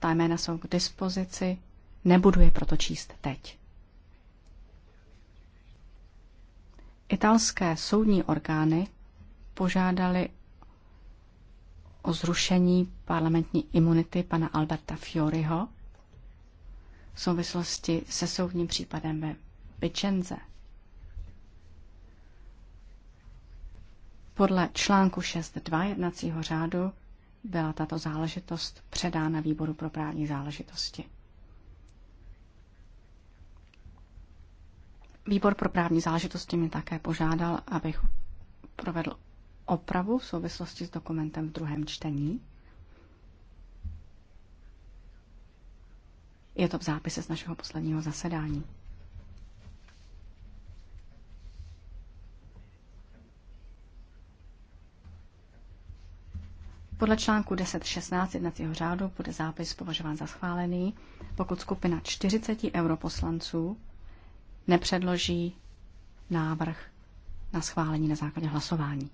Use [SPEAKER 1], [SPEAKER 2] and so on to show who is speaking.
[SPEAKER 1] Ta jména jsou k dispozici, nebudu je proto číst teď. Italské soudní orgány požádali o zrušení parlamentní imunity pana Alberta Fioriho v souvislosti se soudním případem ve Vicenze. Podle článku 6.2 jednacího řádu byla tato záležitost předána výboru pro právní záležitosti. Výbor pro právní záležitosti mě také požádal, abych provedl opravu v souvislosti s dokumentem v druhém čtení. Je to v zápise z našeho posledního zasedání. Podle článku 10.16 jednacího řádu bude zápis považován za schválený, pokud skupina 40 europoslanců nepředloží návrh na schválení na základě hlasování.